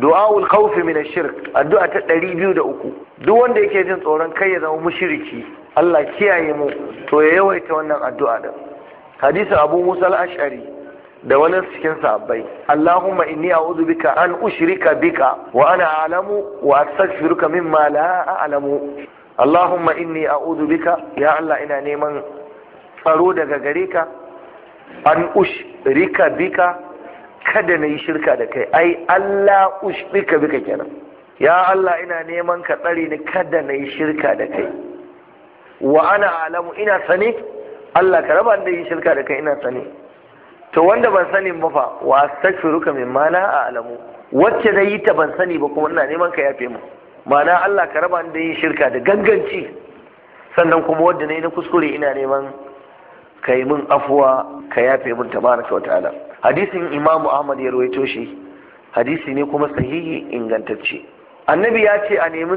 du'aul khawfi min ash-shirk addu'a ta 203 duk wanda yake jin tsoron kai ya zama mushriki Allah kiyaye mu to ya yawaita wannan addu'a din hadisi Abu Musa al-Ash'ari da wani cikin sahabbai Allahumma inni a'udhu bika an ushrika bika wa ana a'lamu wa astaghfiruka mimma la a'lamu Allahumma inni a'udhu bika ya Allah ina neman tsaro daga gare ka an ushrika bika kada na yi shirka da kai ai Allah ushbika bika kenan ya Allah ina neman ka tsare ni kada na yi shirka da kai wa ana alamu ina sani Allah ka raba da yi shirka da kai ina sani to wanda ban sani ba fa wa astaghfiruka mimma la a'lamu wacce na yi ta ban sani ba kuma ina neman ka yafe mu ma'ana Allah ka raba da yin shirka da ganganci sannan kuma wanda na yi na kuskure ina neman ka yi min afuwa ka yafe min tabaraka wa ta'ala hadisin imamu ahmad ya rawaito shi hadisi ne kuma sahihi ingantacce annabi ya ce a nemi